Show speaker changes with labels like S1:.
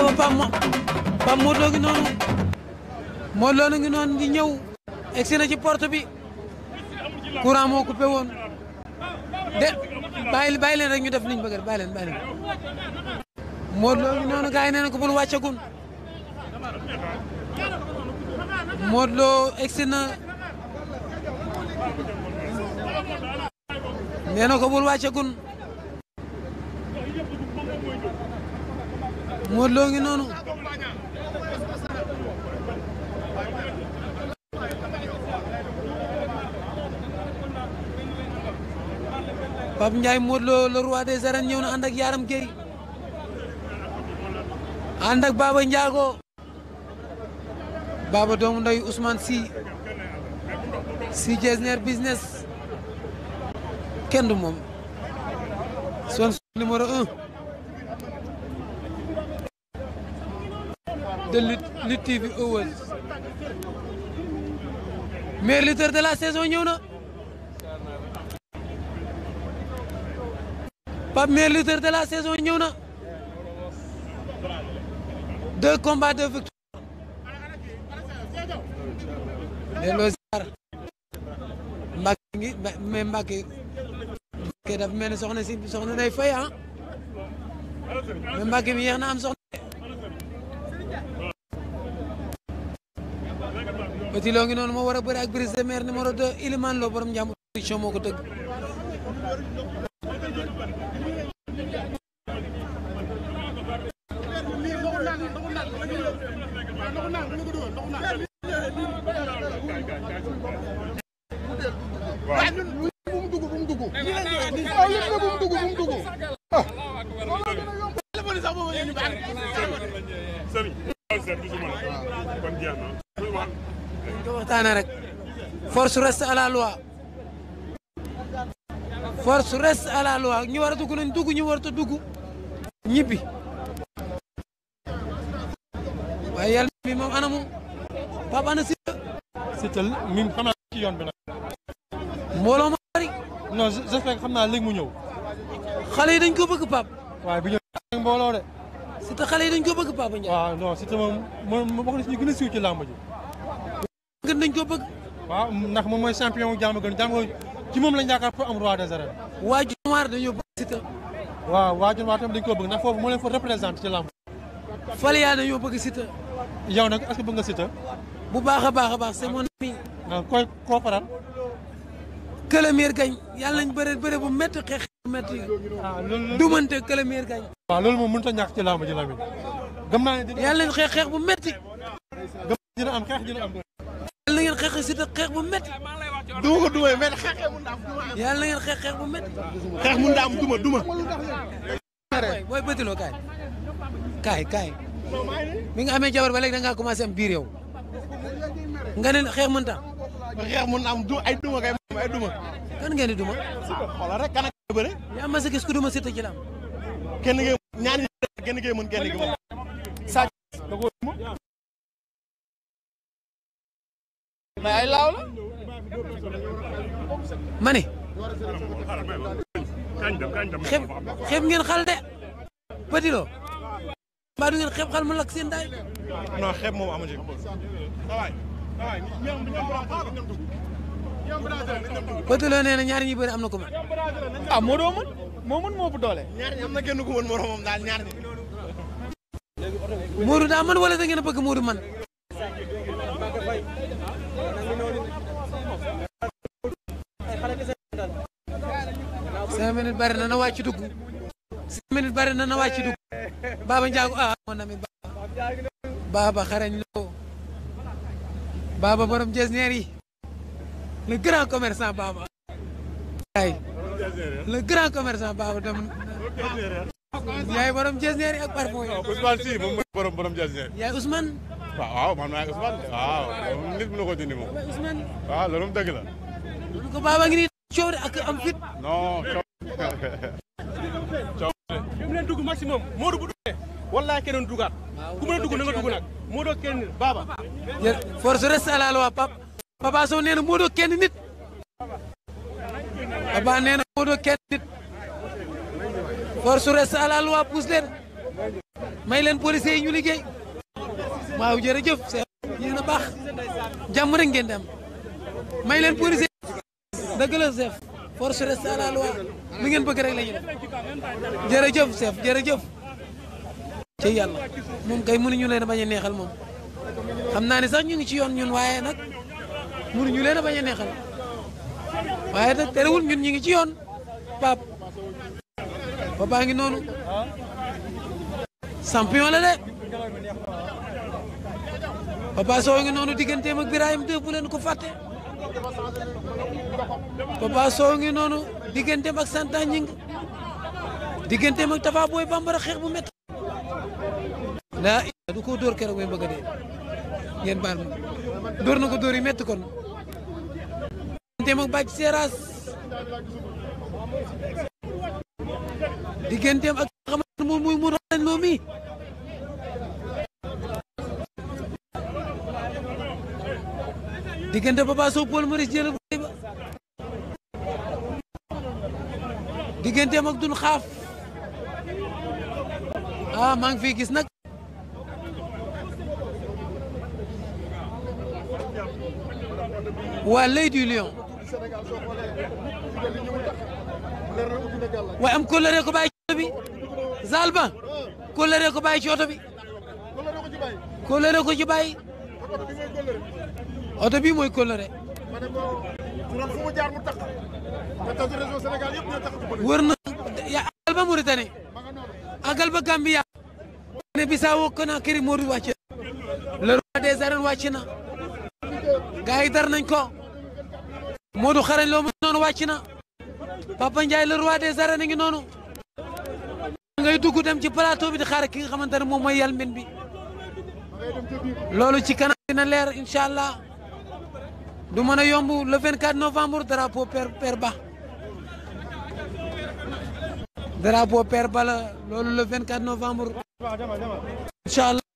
S1: aywa Pape Mo Pape Modou Lo ngi noonu loo Lo ngi noonu di ñëw egsi na ci porte bi courant moo coupé woon de bàyyi bàyyi leen rek ñu def niñ bëgg rek bàyyi leen bàyyi leen Modou noonu gars yi ko bul wàccagun Modou loo egsi na nee na ko bul wàccagun Modou Lo ngi noonu Pape Ndiaye Modou Lo le roi des arènes ñëw na ànd ak Yaram Gueye ànd ak Baba Ndiago doomu nday Ousmane Sy Sy Jesner business kenn du moom son numéro un de Lutte TV Awards meilleur lutteur de la saison ñëw na Pape meilleur lutteur de la saison ñëw na deux combats de victoire delloo ziar Mbacke ngi mais Mbacke Mbacke dafa mel ni soxna si soxna day fay ah mais Mbacke mi yeex na am soxna Petit Lo noonu moo war a bëri ak Brise de Mer numéro 2 Ilimane Lo borom njàmbur production moo ko tëgg. waxtaane rek force reste à la loi force reste à la loi ñu a dugg nañ dugg ñu warut a dugg ñibbi waaye yàlla bi moom ana moom Pape ana Siteu. Siteu mi ngi xam naa ci yoon bi nag. mbooloo ma bari. xam naa léegi mu ñëw. xale yi dañ ko bëgg Pape. waaye bu ñëw mbooloo de. Siteu xale yi dañ ko bëgg Pape Ndiaye. waaw non Siteu moom moom na si ñu gën ci làmb ji. dañ ko bëgg. waaw ndax moom mooy champion jàmm gën jàmm ci moom lañ yaakaar pour am roi des arènes. waa Dionewar dañoo bëgg Siteu. waaw waa Dionewar tam dañ ko bëgg ndax foofu moo leen fa représenté ci làmb. Falia dañoo bëgg Siteu. yow nag est-ce que bëgg nga Siteu. bu baax a baax a baax c'est mon ami. koy koo faral. këlëmeer gañ yàlla nañ bëre bëre bu métti xeex métti ah, dumante këlëmeer gañ waaw loolu moom mënut a ñàkk ci làmb ji Lamine gëm naa ne dina yàlla nañ xeex xeex bu métti gëm dina xeex xeex bu met duma ko duma mais xeex xeex mun na am duma. yàlla na ngeen xeex xeex bu métti. xeex mun na am duma duma. booy bëtiloo kaay kaay kaay mi nga amee jabar ba léegi da ngaa commencé am biir yow nga ne xeex mënta am. xeex mun na am du ay duma ay duma. kan ngeen di duma. xoolal yaa ma sa gis ku duma Siteu ci laam. kenn ngeen ñaari kenn ngeen mën kenn ngeen mais ay laaw la ma ne xeeb ngeen xal de Petit Lo mbaa du ngeen xeeb xal mu lakk seen daay non xeeb moom amu ci Petit nee na ñaari ñi bëri am na ko ma ah moo doo mën moo mën moo bu doole ñaari ñi am na kenn daal ñaari ñi Modou daa mën wala da ngeen a bëgg Modou man minutes bari na na wàcc dugg six minutes bari na na wàcc dugg Baba Ndiago ah mon ami Baba Baba xarañ loo Baba borom jesneer yi le grand commerçant Baba ay grand commerçant Baba dem yaay borom jesneer yi ak parfum yi borom borom jesneer yaay Ousmane waaw man maa ngi Ousmane waaw mu na ko dindi ngi nii coow ak am fit ñoom leen dugg maximum Modou bu duggee wallaahi keneen dugaat ku mën a dugg na nga dugg nag Modou kenn nit baaba force à la leen may ñu liggéey waaw jërëjëf c'est yéen a baax jàmm rek ngeen dem may leen policiers force reste à la li ngeen bëgg rek la ñu def jërëjëf chef jërëjëf ci moom kay mënuñu leen a bañ neexal moom xam naa ne sax ñu ngi ci yoon ñun waaye nag mënuñu leen a bañ neexal waaye nag terewul ñun ñu ngi ci yoon pap papa ngi noonu champion la de papa soo noonu digganteem ak Birahim deux bu leen ko fàtte Papa Sow ngi noonu digganteem ak Santa Ñing digganteem ak Tafa Boy Bambara xeex bu métti. laa illa du ko dóor keroog may bëgg ngeen baal ma dóor na ko dóor yi métti kon. digganteem ak Bac Seras digganteem ak xamante muy mun a lañ diggante Papa Sow Paul Maurice jël bu ba digganteem ak dun xaaf ah maa ngi fiy gis nag waa l'œil du lion waaye am kóllëre ko bàyyi ci bi zalba kóllëre ko ci oto bi kóllëre ko ci bàyyi oto bii mooy kóllëre. wër na ya àggal ba Mauritanie àggal ba Gambia. ne Bissau Conakry Modou wàcc na. le roi des arènes wàcc na. dar nañ ko. Modou xarañ loo noonu wàcc na. Papa Ndiaye le roi des ngi noonu. ngay dugg dem ci plateau bi di xaar ki nga xamante ne moom mooy yàlla mbin bi. loolu ci kanam dina leer incha allah. du mën a yomb le 24 novembre drapeau père père ba drapeau père ba la loolu vingt 24 novembre incha